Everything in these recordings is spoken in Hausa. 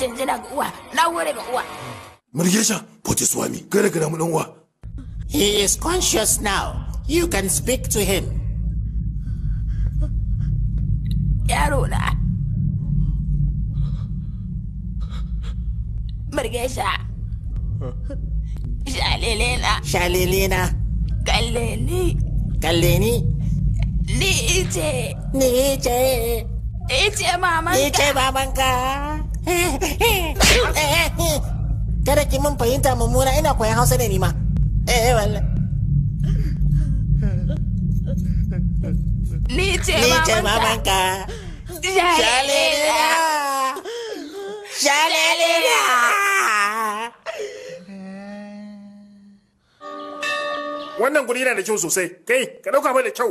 Yanzu ga uwa, na wuri ga uwa. Murgesha, Pote Swami, gara ka mu dan uwa. He is conscious now. You can speak to him. Yaro na. Murgesha. Shalelena. Shalelena. Kalleni. Kalleni. Ni ce. Ni ce. Eh ce mamanka. Eh ce babanka. Kada ki mun fahimta mummuna ina koyan Hausa ne ni ma. Eh, eh wallahi. Ni ce mamanka. Ni ce mamanka. Shalelera. Shalelera. Wannan guri yana da kyau sosai. Kai, ka dauka mai da kyau.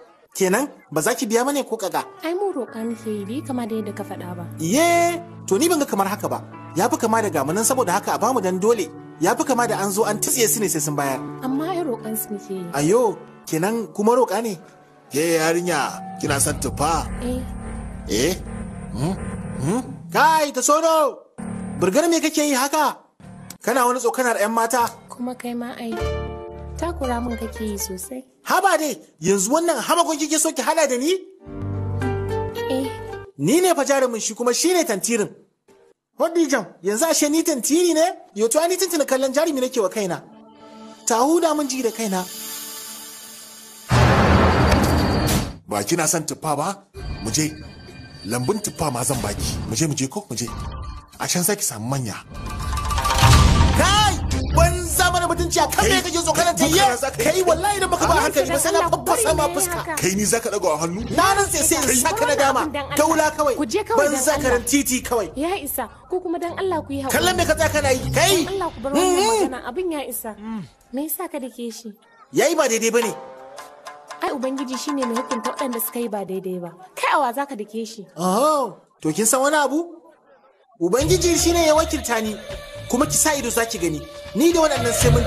Kenan ba za ki biya mane ko kaga? Ai mu roƙa muke yi bi kama da yadda ka faɗa ba. Ye, to ni ban ga kamar haka ba. Ya fi kama da gamunan saboda haka a bamu dan dole. Ya fi kama da an zo an tsiye su ne sai sun bayar. Amma ai roƙan su ke yi. Ayo, kenan kuma roƙa ne. Ye yarinya, kina son tufa? Eh. Eh? Hmm? Hmm? Kai, ta sono! Burgar me kake yi haka? Kana wani tsokanar 'yan mata? Kuma kai ma ai. Takura min kake yi sosai. haba dai yanzu wannan hamakon kike so ki hada da ni eh. ni ne fa jarumin shi kuma shi ne tantirin Hodijan, yanzu ashe ni tantiri ne? to ni tantina kallon jarumi nake wa kaina. Ta huda mun ji da kaina. Ba kina son tuffa ba? Mu je. Lambun tuffa ma zan baki. Mu je mu je ko mu je. A can sai ki samu manya. hujja kan ne kake so kana tayi kai wallahi da baka ba hankali ba sai na fabbasa ma fuska kai ni zaka a hannu na nan sai sai saka na dama taula kawai ban ran titi kawai ya isa ko kuma dan Allah ku yi hakuri kallon me ka tsaya kana yi kai Allah ku bar wannan mm-hmm. magana abin ya isa me yasa ka dake shi yayi ba daidai bane ai ubangiji shine mai hukunta waɗanda suka yi ba daidai ba kai awa zaka dake shi oh to kin san wani abu ubangiji shine ya wakilta ni kuma ki sa ido zaki gani ni da waɗannan sai mun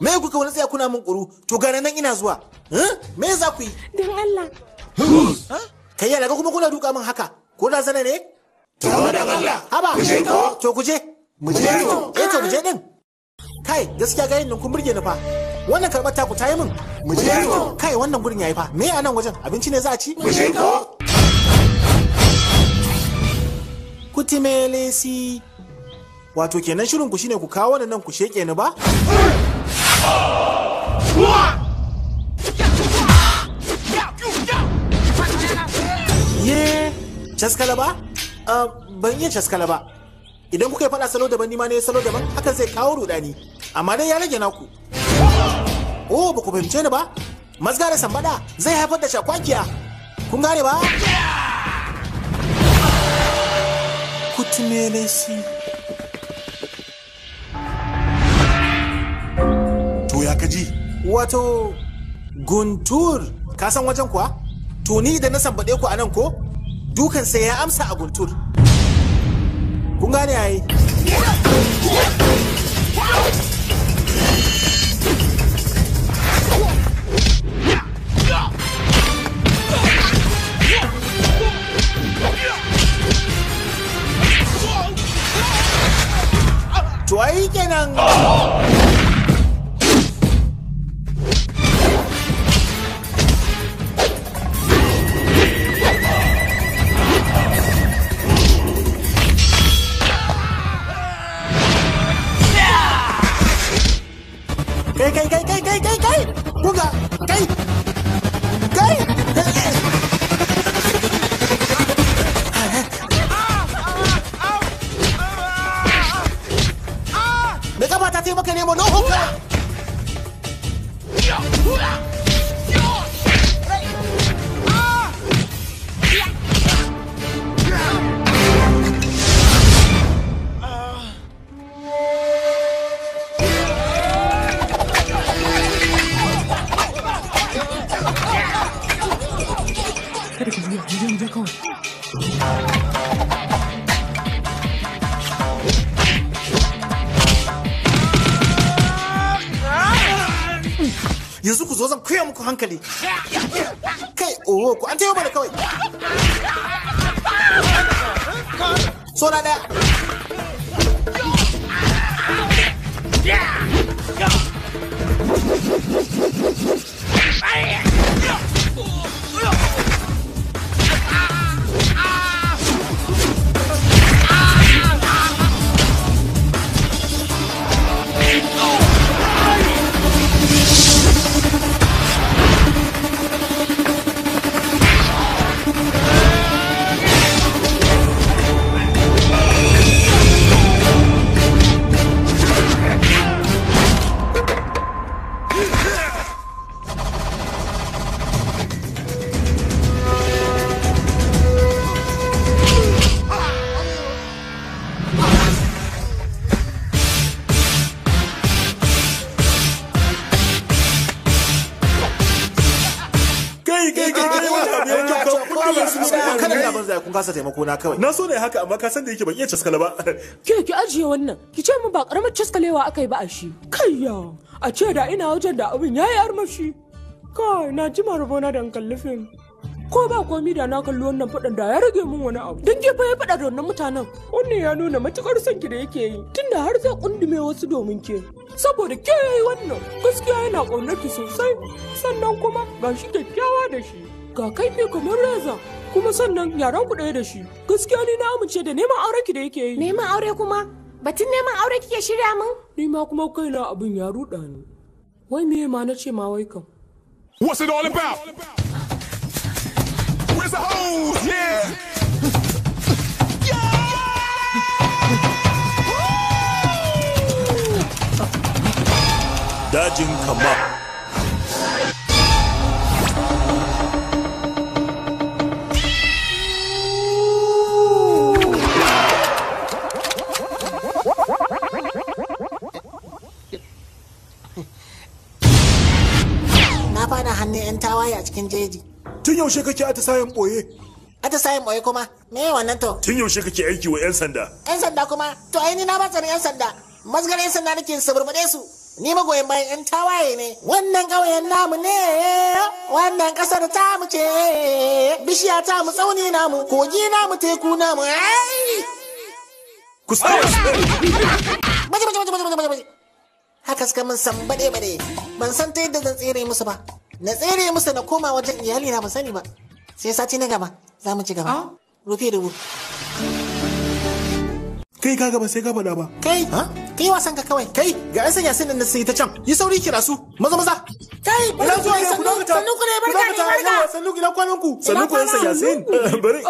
ne me kuka wani tsaya kuna min ƙuru to gane nan ina zuwa me za ku yi don Allah ka yi ga kuma kuna duka min haka ko da zana ne to don Allah haba to kuje. je mu je to eh to mu din kai gaskiya ga yin nan kun burge ni fa wannan karɓar taku ta yi min mu je to kai wannan gurin yayi fa me a nan wajen abinci ne za a ci mu je to kutimelesi wato kenan shirin ku shine ku kawo nan ku sheke ni ba ye caskala ba ah, ban iya caskala ba idan kuka yi faɗa salo daban nima ne salo daban hakan zai kawo rudani amma dai ya rage naku oh ba ku fahimce ni ba mazgara sambada zai haifar da shakwakiya kun gane ba te mereci. To ya kaji? Wato Guntur, ka san wajen kuwa? To ni da na sambaɗe ku a nan ko? Dukan sai ya amsa a Guntur. Kun gane yayi? あ！なん kasa taimako na kawai na so ne haka amma ka san da yake ban iya caskala ba ke ki ajiye wannan ki ce mu ba karamar caskalewa aka yi ba a shi kayya a ce da ina wajen da abin yayi armashi kai na ji marabona da kallifin ko ba komi da na kalli wannan fadan da ya rage min wani abu dan gefe ya fada da wannan mutanen wannan ya nuna matukar son ki da yake yi tunda har zai kundume wasu domin ke saboda ke yayi wannan gaskiya yana ƙaunar ki sosai sannan kuma ga shi kyakkyawa da shi ga kai ne kamar reza kuma sannan yaran ku ɗaya da shi gaskiya ni na amince da neman aure ki da yake yi neman aure kuma batun neman aure kike shirya min ni ma kuma kaina abin ya ruɗa ni wai me ma na ce ma wai kam what's it all about where's the hose yeah Dajin Kamal. tawaye a cikin jeji tun yaushe kake atisayen boye atisayen boye kuma me wannan to tun yaushe kake aiki wa yan sanda yan sanda kuma to ai ni na matsa yan sanda mazgar yan sanda nake suburbuɗe su ni magoyin bayan yan tawaye ne wannan ƙauyen namu ne wannan ƙasar ta mu ce bishiya ta mu tsauni namu kogi namu teku namu ai ku tsaya haka suka mun san baɗe-baɗe, ban san ta yadda zan tsere musu ba na tsere musa na koma wajen iyali na sani ba sai sati na gaba za mu ci gaba rufe dubu kai ka gaba sai ka faɗa ba kai kai wasan ka kawai kai ga yan sanya na sai ta can yi sauri kira su maza maza kai ina zuwa ne ku dauka sanu ku ne barka ne barka sanu ku ina kwanan ku sanu ku yan sanya sin bari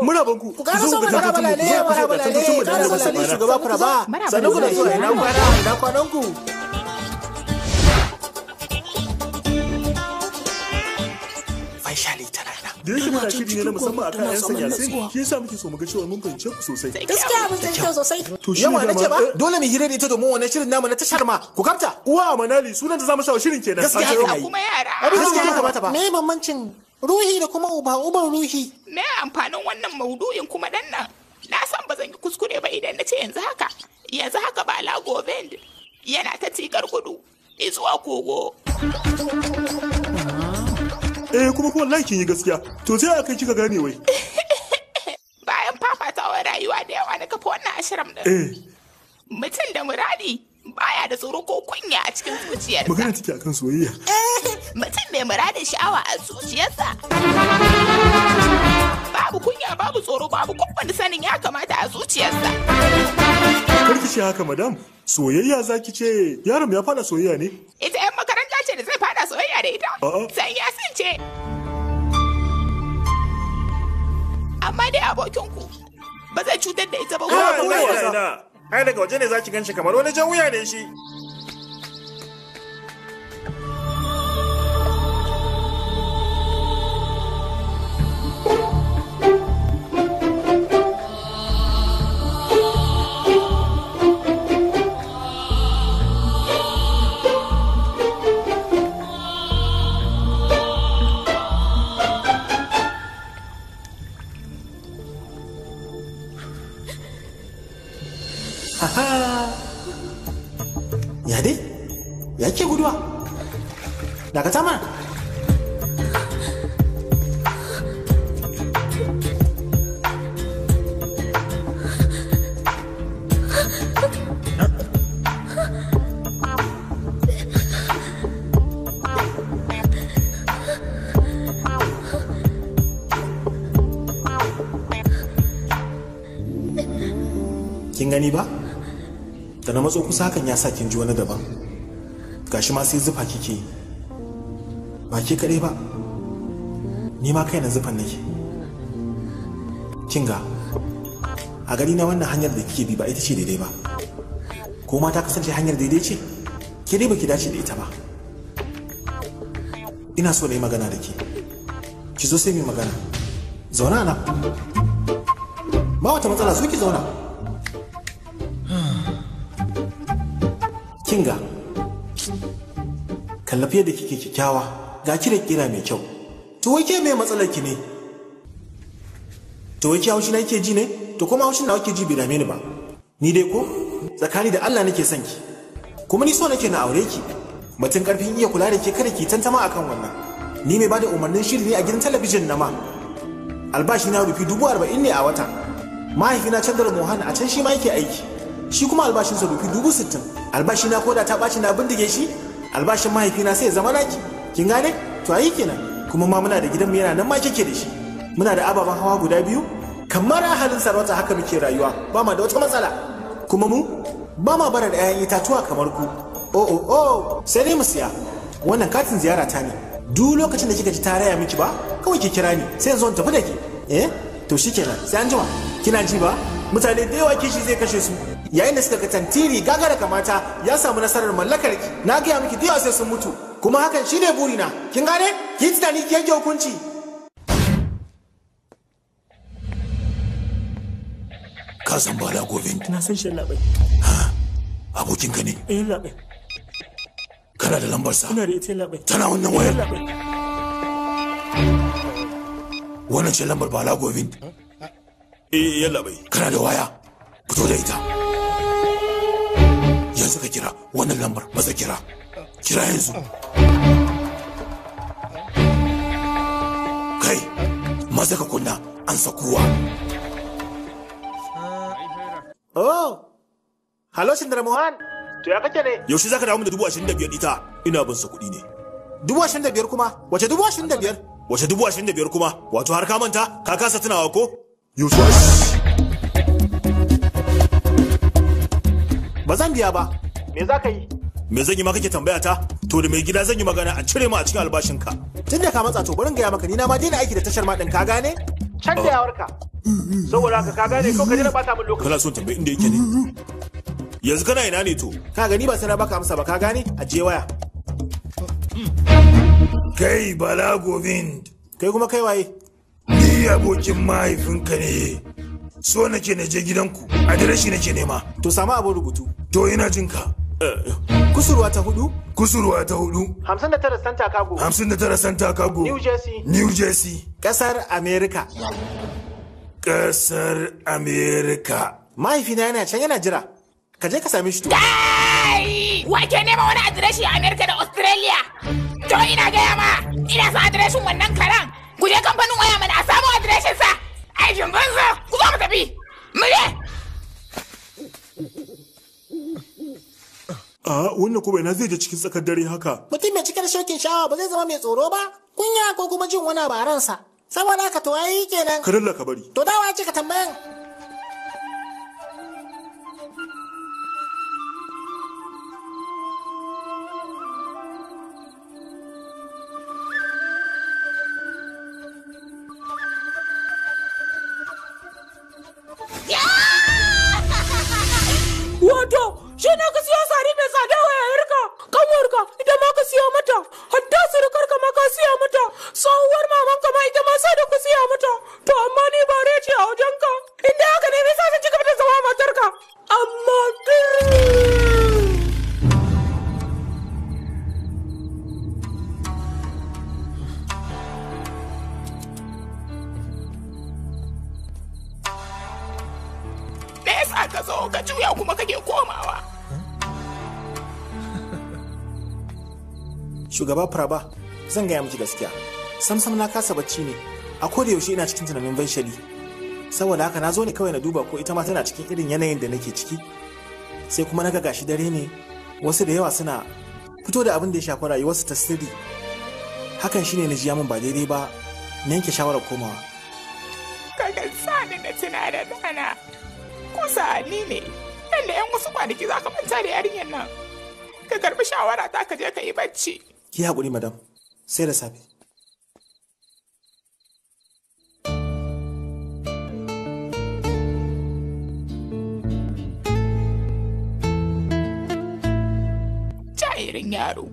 muna ban ku ku ga so mu fara balale fara balale fara balale shugaba fara ba sanu ku ne ina kwana ina kwanan ku shale tana nan da yake muna shiri ne na musamman akan yan sanya sai shi yasa muke so mu ga cewa mun fahimce ku sosai gaskiya mun san kyau sosai to shi yawa nace ba eh, dole mu hira da ta domin wannan shirin namu na tashar ma ku gamta. uwa manali sunan da zamu sa shirin kenan gaskiya kuma yara abin da ya kamata ba me mamancin ruhi da kuma uba uban ruhi me amfanin wannan maudu'in kuma dan nan na san ba zan yi kuskure ba idan na ce yanzu haka yanzu haka ba lago bend yana ta tikar gudu izuwa kogo eh kuma kuma, wallahi kin yi gaskiya to sai kai kika gane wai bayan fafatawar rayuwa da yawa na kafa wannan ashiram din eh. mutum da muradi baya da tsoro ko kunya a cikin zuciyarsa magana take akan soyayya mutum mai muradin sha'awa a zuciyarsa babu kunya babu tsoro babu kowane sanin ya kamata a zuciyarsa Karki ce haka madam, soyayya zaki ce yaron ya fada soyayya ne? Ita 'yan makaranta ce da zai fada soyayya da ita. Sai ya ce. Amma dai abokin ku, ba zai cutar da ita ba. Ai daga waje ne zaki ganshi kamar wani jan wuya ne shi. matso kusa hakan ya sa kin ji wani daban gashi ma sai zufa kike ba ke kaɗai ba ni ma kaina zufan nake kinga a gari na wannan hanyar da kike bi ba ita ce daidai ba ko ma ta kasance hanyar daidai ce ke dai baki dace da ita ba ina so na yi magana da ke ki zo sai mu magana zauna na ba wata matsala so ki zauna kinga kallafi da kike kyakkyawa. ga ki da kira mai kyau to wai ke mai matsalar ki ne to wai ki haushi na kike ji ne to kuma haushin na kike ji bai dame ni ba ni dai ko tsakani da Allah nake son ki kuma ni so nake na aure ki batun karfin iya kula da ke kada ki tantama akan wannan ni mai bada umarnin shiri ne a gidan talabijin na ma albashi na rufi dubu arba'in ne a wata mahaifina chandra mohan a can shi ma yake aiki shi kuma albashinsa rufi dubu sittin albashi na koda ta ɓaci na bindige shi albashin mahaifina sai ya zama naki kin gane to ayi kenan kuma ma muna da mu yana nan ma kike da shi muna da ababen hawa guda biyu kamar ahalin sarauta haka muke rayuwa ba ma da wata matsala kuma mu ba ma bara da 'ya'yan itatuwa kamar ku o oh, o oh, o oh. sai dai mu siya wannan katin ziyara ta ne duk lokacin da kika ji ta ya miki ba kawai ki kira ni sai yanzu tafi da ke eh to shikenan sai an jima kina ji ba mutane da yawa kishi zai kashe su yayin da suka ga tantiri gagara kamata ya samu nasarar mallakar ki na gaya miki duk sai sun mutu kuma hakan shine burina kin gane ki tunani ki yanke hukunci ka san bala govind na san shi labai abokin ka ne eh labai kana da lambar sa ina da ita labai tana wannan wayar eh, labai wannan ce lambar bala govind eh yalla eh, bai kana da waya fito da ita idan saka kira wannan lambar maza kira kira yanzu kai maza ka kunna an sakuwa oh halo shindar mohan to ya kake ne yaushe zaka dawo mu da dubu ashirin da biyar ita ina bin sa kuɗi ne dubu ashirin da biyar kuma wace dubu ashirin da biyar wace dubu ashirin da biyar kuma wato har ka manta ka kasa tunawa ko yaushe ba zan biya ba me za ka yi me zan yi ma kake tambaya ta to da mai gida zan yi magana a cire mu a cikin albashinka tun da ka matsa to bari gaya maka ni na ma daina aiki da tashar ma din ka gane can da yawarka saboda ka gane ko ka daina bata min lokaci kana son tambayi inda yake ne yanzu kana ina ne to ka gani ba sai na baka amsa ba ka gane a je waya kai bala govind kai kuma kai waye ni abokin mahaifinka ne so nake na je gidanku adireshi nake nema to samu abin rubutu to ina jin ka kusurwa ta hudu kusurwa ta hudu 59 santa kago 59 santa kago new jersey new jersey kasar america kasar america mahaifina yana can yana jira ka je ka same shi to wake nema wani adireshi a america da australia to ina gaya ma ina son adireshin wannan karan ku je kamfanin waya mana a samu adireshin sa aikin banza ku zo tafi mu a wannan kuma ina zai je cikin tsakar dare haka mutum mai cikar shokin shawa ba zai zama mai tsoro ba kunya ko kuma jin wani abaransa, saboda haka to yayi kenan ka dalla ka bari to dawa ce ka tambayan shugaba faraba zan gaya miki gaskiya. sam sam na kasa bacci ne a koda yaushe ina cikin tunanin banshali. Saboda haka na zo ne kawai na duba ko ita ma tana cikin irin yanayin da nake ciki. Sai kuma na ga gashi dare ne wasu da yawa suna fito da abin da ya shafi su ta sirri. Hakan shine na ji min ba daidai ba na yanke shawarar komawa. Kakan sani na tuna da dana sa ni ne nan 'yan wasu kwanaki za ka manta da yarinyar nan. ka karbi shawara ta ka je ka yi bacci. ki haƙuri madam sai da safe jayirin yaro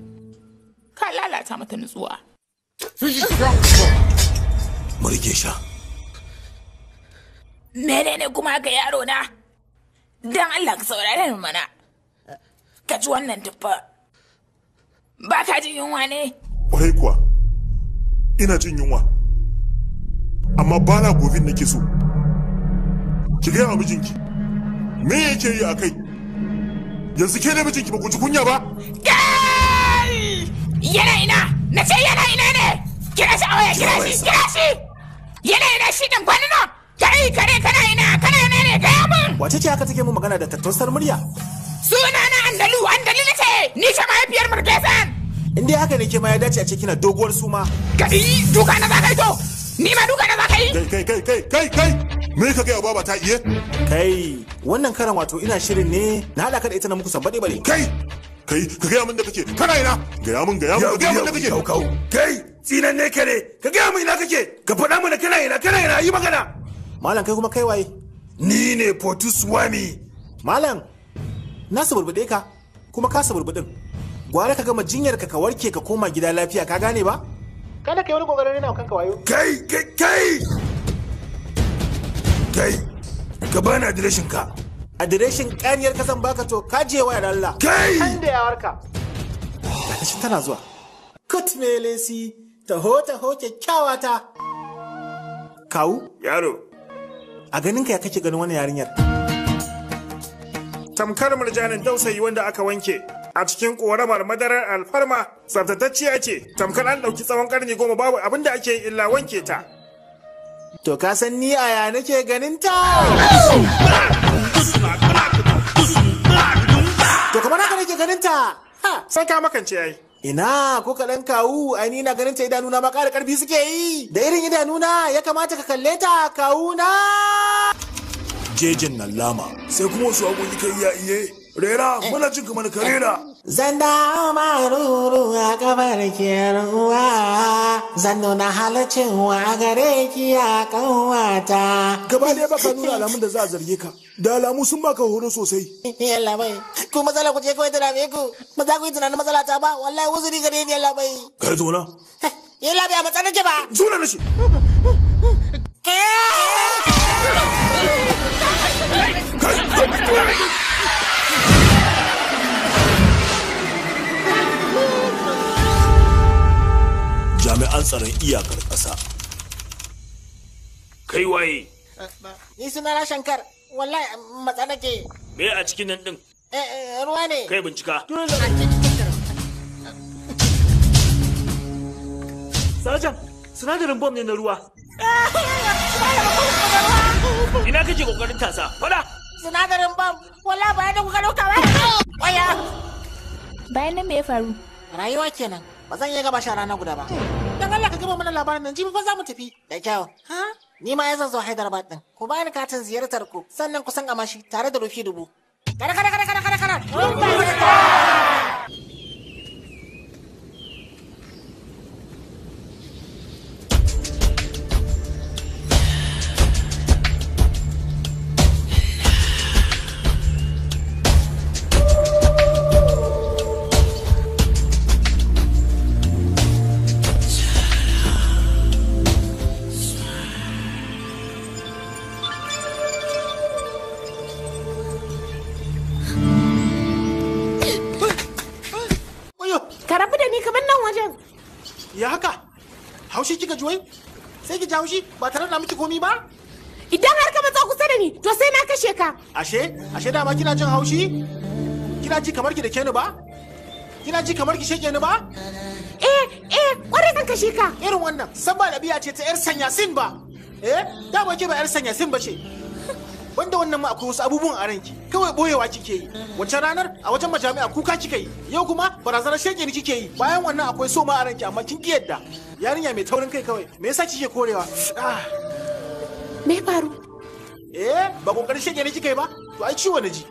ka lalata mata nutsuwa marike sha menene kuma ga yaro na don allah ka saurare mana ka ji wannan tuffa Ba ka jin yunwa ne? Ƙwarai kuwa, ina jin yunwa. Amma ba na gobin nake so. Ki gaya wa mijinki, me yake yi a kai? Yanzu ke ne mijinki ba ku kunya ba? Yana ina! Na ce yana ina ne! Kira shi a kira shi, kira shi! Yana ina shi ɗin kwanan nan! Kai, kare, kana ina, kana ina ne, gaya min! Wace ce aka take mu magana da tattausar murya? Sunana Andalu, Andalu ne ce, ni ce mahaifiyar Murgesan! in dai haka ne ke ma ya dace a ce kina doguwar suma kai duka na zakai to ni ma duka na zakai kai kai kai kai kai me ka gaya baba ta iye kai wannan karan wato ina shirin ne na hada ka da ita na muku sabbade bare kai kai ka ga mun da kake kana ina ga mun ga mun ga mun da kake kai tsinan ne kare ka ga mun ina kake ka faɗa mana kana ina kana ina yi magana malam kai kuma kai waye ni ne Swami. malam na suburbuɗe ka kuma ka suburbuɗin gwara ka gama jinyar ka ka warke ka koma gida lafiya ka gane ba kada kai wani kokarin rena kanka wayo kai kai kai kai ka bani adireshin ka adireshin kariyar zan baka to ka je wayar Allah kai kan da ta shi tana zuwa kut me lesi taho taho kyakkyawa ta kawu yaro a ganin ka ya kake ganin wani yarinyar tamkar murjanin dausayi wanda aka wanke a cikin ƙoramar madarar alfarma tsaftatacciya ce tamkar an ɗauki tsawon ƙarni goma babu abin da ake yi illa wanke ta. To ka san ni aya nake ganin ta? To kamar haka nake ganin ta? Sai ka makance yayi. Ina ko kaɗan kawu ai ni na ganin ta idanuna ma ƙara ƙarfi suke yi da irin idanuna ya kamata ka kalle ta kawuna. Jejin nan lama sai kuma wasu agogi kai iya iye. Rera, muna cin kamar ka rera. Zan dama ma ruru a ke ruwa, zan nuna halacin wa gare ki a kanwata. Gaba ɗaya baka nuna alamun da za a zarge ka, da alamu sun baka horo sosai. Yalla bai, ku matsala ku je kawai tana bai ku, ba za ku yi tunanin matsala ta ba, wallahi uzuri gare ni yalla bai. Kar na Yalla bai a matsala ke ba. Zona na shi. Hey! jami'an tsaron iyakar ƙasa. Kai waye? Eh, ni suna na shankar, wallahi eh, matsa nake. Me a cikin nan ɗin? Eh, ruwa ne. Kai bincika. Sajan, sinadarin bom ne na ruwa. Ina kake kokarin tasa? Fada! Sinadarin bom, wala bayan da kuka dauka ba. Waya! Bayan nan me ya faru? Rayuwa kenan, ba zan iya gaba shara na guda ba. gama mana labarin nan jibi fa za mu tafi. Da kyau. Ha? Ni ma ya zan zo Hyderabad din. Ku bani katin ziyartar ku sannan kusan san amashi tare da rufi dubu. Kada kada kada kada kada kada. haushi ba tare da miki komi ba idan har ka matsa kusa da ni to sai na kashe ka ashe ashe dama kina jin haushi kina ji kamar ki da keni ba kina ji kamar ki sheke ni ba eh eh kware zan kashe ka irin wannan san ba ce ta yar sanya sin ba eh dama ke ba yar sanya sin ba ce banda wannan ma akwai wasu abubuwan a ranki kawai boyewa kike yi mm. wacce ranar a wajen majami'a kuka kika yi yau kuma barazanar shege ni kike yi bayan wannan akwai so ma a ranki amma kin yadda yarinya mai taurin kai kawai me yasa kike korewa ah. me faru eh ba kokarin shege ni kike ba to ai ciwo na ji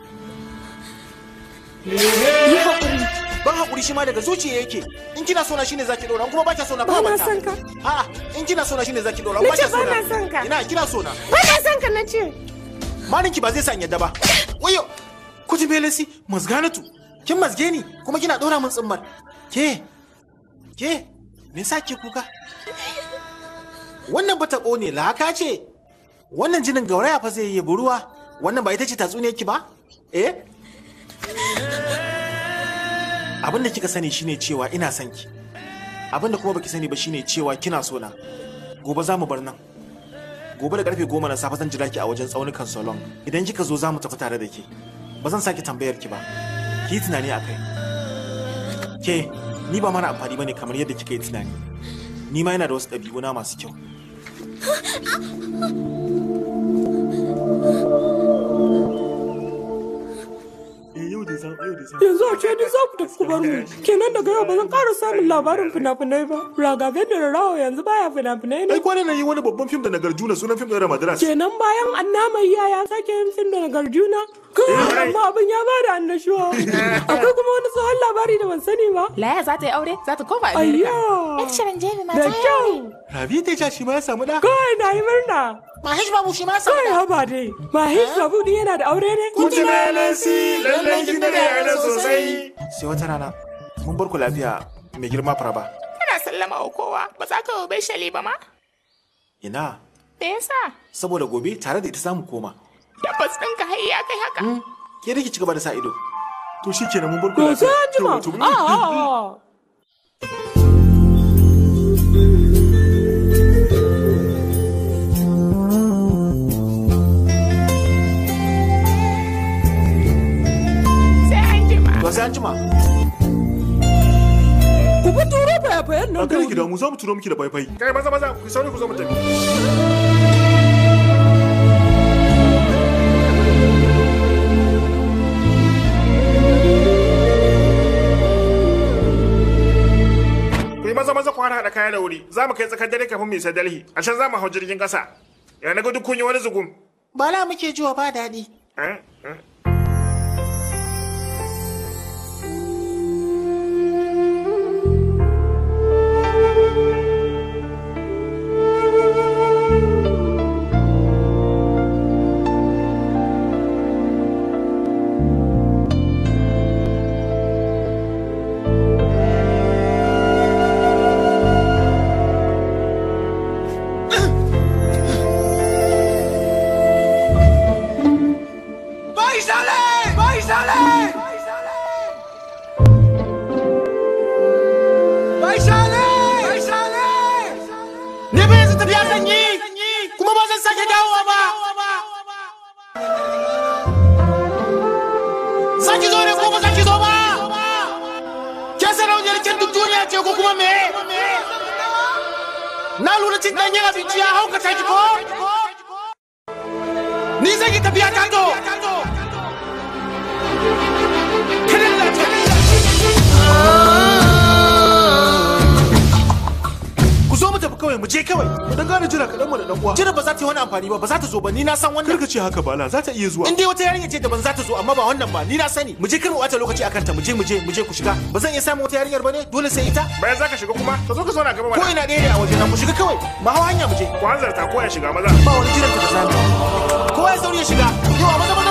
hakuri ban hakuri shi ma daga zuciya yake in kina sona shine zaki dora kuma baka sona ba ba san ka a'a in kina sona shine zaki dora ba ka sona ina kina sona ba ka san ka nace ki ba zai sa yadda ba wayo ku ji belesi mazganatu kin mazge ni kuma kina dora min tsimmar ke ke me yasa ke kuka wannan bata ne laka ce wannan jinin gauraya fa zai yi buruwa wannan ba ita ce tatsuniya ki ba eh abin da kika sani shine cewa ina son ki abin da kuma baki sani ba shine cewa kina sona, gobe za mu bar nan gobe da karfe goma na safe zan jira ki a wajen tsaunukan solon idan kika zo za mu tafi tare da ke ba zan saki tambayar ki ba ki tunani a kai ke ni ba mana amfani bane kamar yadda kika yi tunani ni ma yana da wasu ɗabi'una masu kyau ah, ah, ah. yanzu a duk za ku tafi ku mu kenan daga yau ba zan ƙara samun labarin fina-finai ba ragaben da rawa yanzu baya fina-finai ne ai kwanan yi wani babban fim da nagarjuna sunan fim da madras kenan bayan mai yaya sake yin fim da nagarjuna Eh, amma abin ya bada annashuwa akwai kuma wani tsohon labari da ban sani ba laya za ta yi aure za ta koma america ayyo sharon shirin ma ta yi aure rabi ta ja shi ma ya samu da kai na yi murna mahish babu shi ma samu da kai haba dai mahish eh? babu din yana da aure ne kun ji na lansi lallan kin da yana sosai sai wata rana mun bar ku lafiya mai girma faraba kana sallama wa kowa ba za ka bai shali ba ma ina me yasa saboda gobe tare da ita za mu koma tabbas ɗinka ka ya kai haka hmm? ke da ki ci gaba da sa ido to shi ke mun burkula. ku to sai an jima ah, ah, ah. sai an jima ku bi turo bayan nan da wuri. Kai ki da mu zo mu turo miki da faifai. Kai maza maza ku sauri ku zo mu tafi. maza ku hada kaya da wuri za mu kai tsakar dare kafin mu isa dalhi a can za mu hau jirgin kasa ya na gudu kun yi wani zugun bala muke jiwa ba daɗi eh, eh. Lalu le cinta nyala bici ahok ke cajibo. Nizah kita biarkan tu. kawai mu je kawai dan gane jira kaɗan mu da dan uwa jira ba za ta yi wani amfani ba ba za ta zo ba ni na san wannan ka ce haka bala za ta iya zuwa in dai wata yarinya ce da ban za ta zo amma ba wannan ba ni na sani mu je kar wata lokaci akan ta mu je mu je mu je ku shiga ba zan iya samu wata yarinyar ba ne dole sai ita bayan za ka shiga kuma ka zo ka zauna gaba ko ina ɗaya ne a waje na mu shiga kawai ba hau hanya mu je ku hanzarta ko ya shiga maza ba wani jiran ta da zamu kowa ya sauri ya shiga yawa maza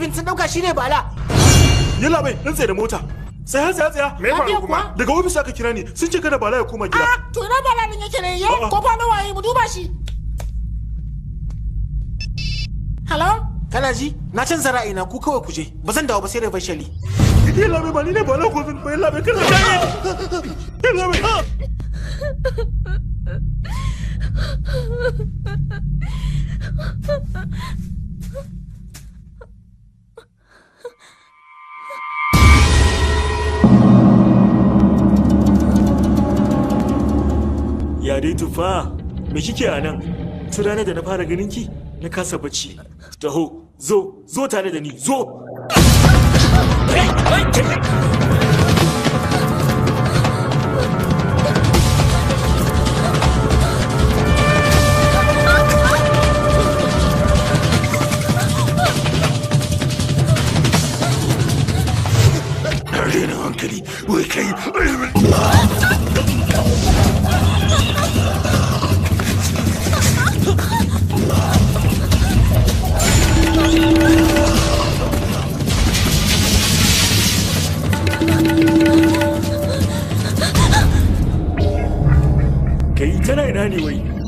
tsofin sun dauka shine bala yalla bai dan tsaye da mota sai har tsaya tsaya me faru kuma daga ofis aka kira ni sun ce kada bala ya koma gida ah, to na bala din yake ne ko fa na yi mu duba shi hello kana ji na canza ina ku kawai ku je ba zan dawo ba sai da bashali yalla bai ba ni ne bala ko zan bai yalla bai kana yalla bai Ha ha ha ha. ya dai tufa me kike a nan tun ranar da na fara ganin ki na kasa bacci taho zo zo tare da ni zo anyway.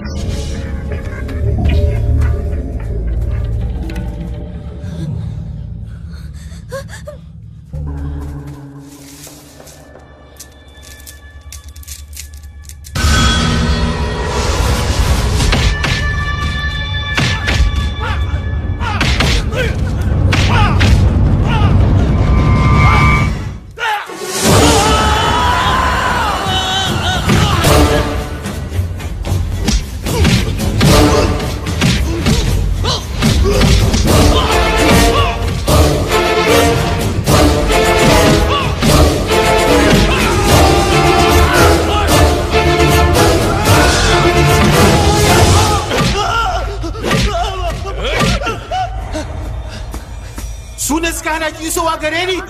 at any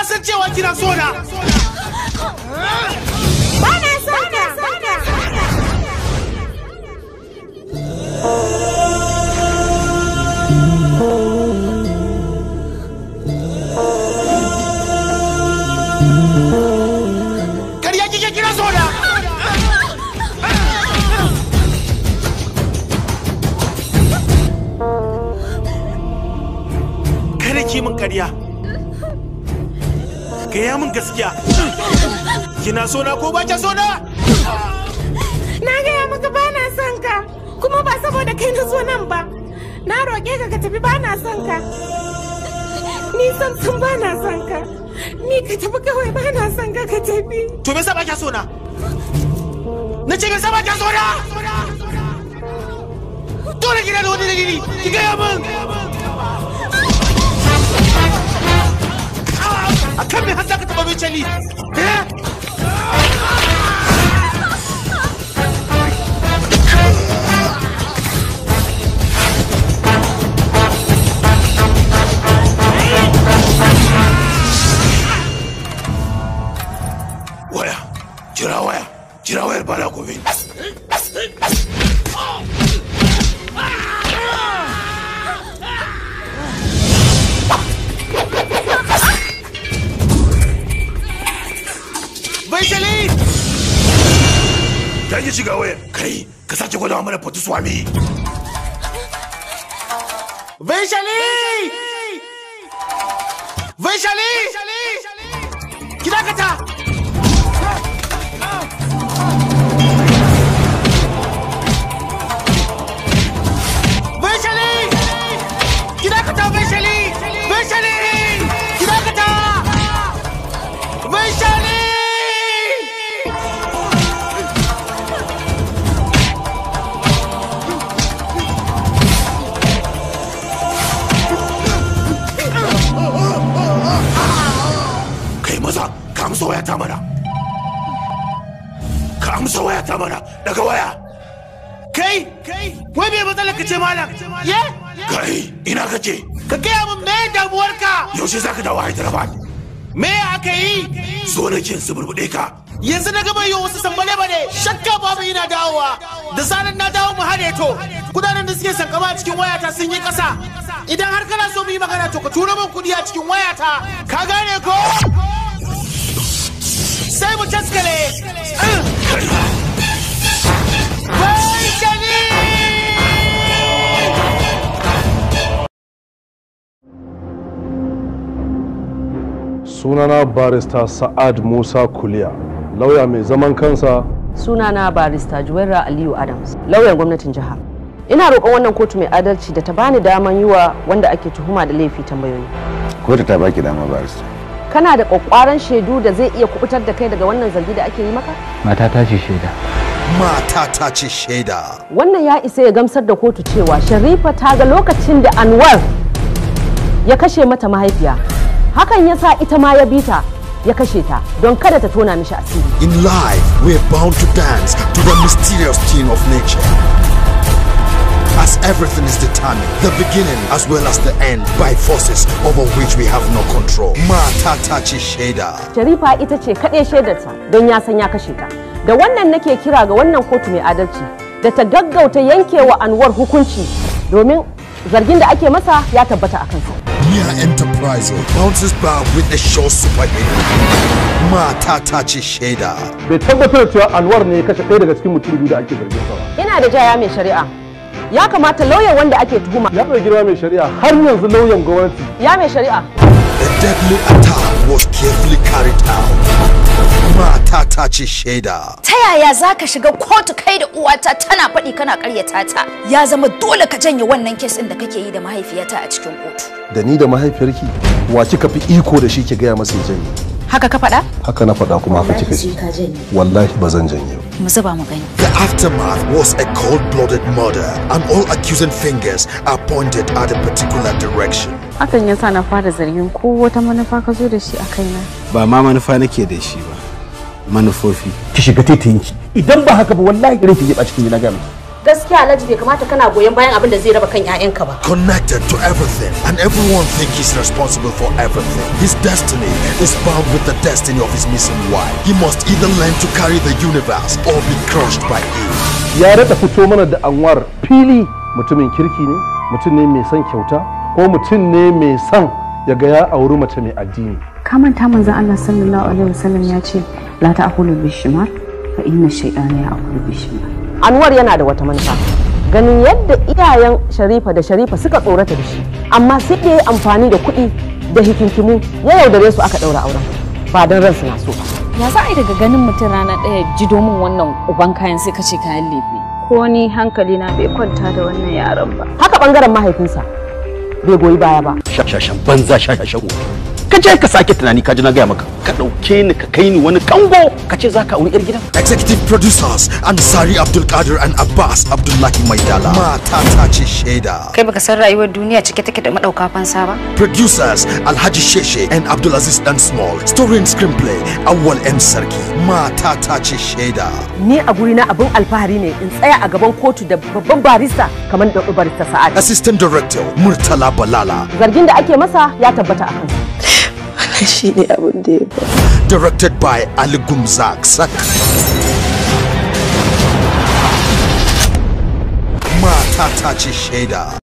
na san cewa kina so na. gaskiya kina so na ko ba ki so na na gaya maka ba na son ka kuma ba saboda kai na zo nan ba na roƙe ka ka tafi ba na son ka ni san san ba na son ka ni ka tafi kawai ba na son ka ka tafi to me sa ba ki so na na ce me sa ba ki so na dole kina da wani dalili ki gaya min Akan kan mai har za ka taɓa cali ka amsa waya ta mana ka waya ta mana daga waya kai kai wai me matsalar ka malam ye kai ina kace ka kai mun me damuwar ka yaushe zaka dawo tarafa. me aka yi so nake su burbude ka yanzu na gaba yiwu wasu bale-bale. shakka babu ina dawowa da zarar na dawo mu hade to kudanan da suke sankama a cikin wayata sun yi kasa idan har kana so mu yi magana to ka tura min kudi a cikin wayata ka gane ko sai mu que le. sunana barista sa'ad musa kuliya lauya mai zaman kansa sunana barista juwaira aliyu adams lauyan gwamnatin jiha ina roƙon wannan kotu mai adalci da ta bani daman yiwa wanda ake tuhuma da laifi tambayoyi kotu ta baki dama barista kana da kwakwaran shaidu da zai iya kubutar da kai daga wannan zargi da ake yi maka mata ta ce shaida mata ta ce shaida wannan ya isa ya gamsar da kotu cewa sharifa ta ga lokacin da anwar ya kashe mata mahaifiya hakan ya sa ita ma ya bita ya kashe ta don kada ta tona mishi asiri in life we are bound to dance to the mysterious king of nature as everything is determined, the beginning as well as the end by forces over which we have no control. Mata ta ce shaida. Sharifa ita ce kaɗai shaidarta don ya san ya kashe ta. Da wannan nake kira ga wannan kotu mai adalci da ta gaggauta yankewa Anwar hukunci domin zargin da ake masa ya tabbata a kansa. Mia Enterprise bounces back with a show superhero. Mata ta ce shaida. Bai tabbatar cewa Anwar ne ya kashe ɗaya daga cikin mutum biyu da ake zargin sa Ina da jaya mai shari'a. ya kamata lauyan wanda ake tuhuma ya mai girma mai shari'a har yanzu lauyan gwamnati ya mai shari'a the deadly attack was carefully carried out mata ta ce shaida. Ta yaya za ka shiga kotu kai da uwata tana faɗi kana ƙaryata ta? Ya zama dole ka janye wannan kes ɗin da kake yi da mahaifiyata a cikin kotu. Da ni da mahaifiyarki wa kika fi iko da shi ki gaya masa ya janye. Haka ka faɗa? Haka na faɗa kuma haka kika ji. Wallahi ba zan janye ba. mu zuba mu gani. The aftermath was a cold-blooded murder and all accusing fingers are pointed at a particular direction. Hakan ya sa na fara zargin ko wata manufa ka zo da shi a kaina. Ba ma manufa nake da shi ba. Manufofi. Ki shiga titinki. Idan ba haka ba wallahi irin ki a cikin gina gama. gaskiya alhaji bai kamata kana goyon bayan abin da zai raba kan 'ya'yanka ba connected to everything and everyone think he's responsible for everything his destiny is bound with the destiny of his missing wife he must either learn to carry the universe or be crushed by it ya rada fito mana da anwar fili mutumin kirki ne mutum ne mai son kyauta ko mutum ne mai son ya ga ya auri mace mai addini ka manta manzon Allah sallallahu alaihi wasallam ya ce la ta'kulu bishmar fa inna shaytana ya'kulu bishmar anwar yana da wata manufa ganin yadda iyayen sharifa da sharifa suka tsorata da shi amma sai da ya amfani da kuɗi da hikinkimu ya yaudare su aka ɗaura auren ba don ransu na so ya za a yi daga ganin mutum rana ɗaya ji domin wannan uban kayan sai ka ce kayan lefe ko ni hankali na bai kwanta da wannan yaron ba haka bangaren mahaifinsa bai goyi baya ba shashashan banza shashashan ka je ka sake tunani ka ji na gaya maka ka ɗauke ni ka kai ni wani kango ka ce za ka auri yar gidan executive producers ansari abdulkadir and abbas abdullahi maidala mata ta ce shaida kai baka san rayuwar duniya cike take da madauka fansa ba producers alhaji sheshe and abdul aziz dan small story and screenplay awwal m sarki mata ta ce shaida ni a guri na abin alfahari ne in tsaya a gaban kotu da babban barista kamar da barista sa'ad assistant director murtala balala zargin da ake masa ya tabbata a kansa haka shi ne abin da ya ba. Directed by Ali Gumzak Sak. Mata ta ce shaida.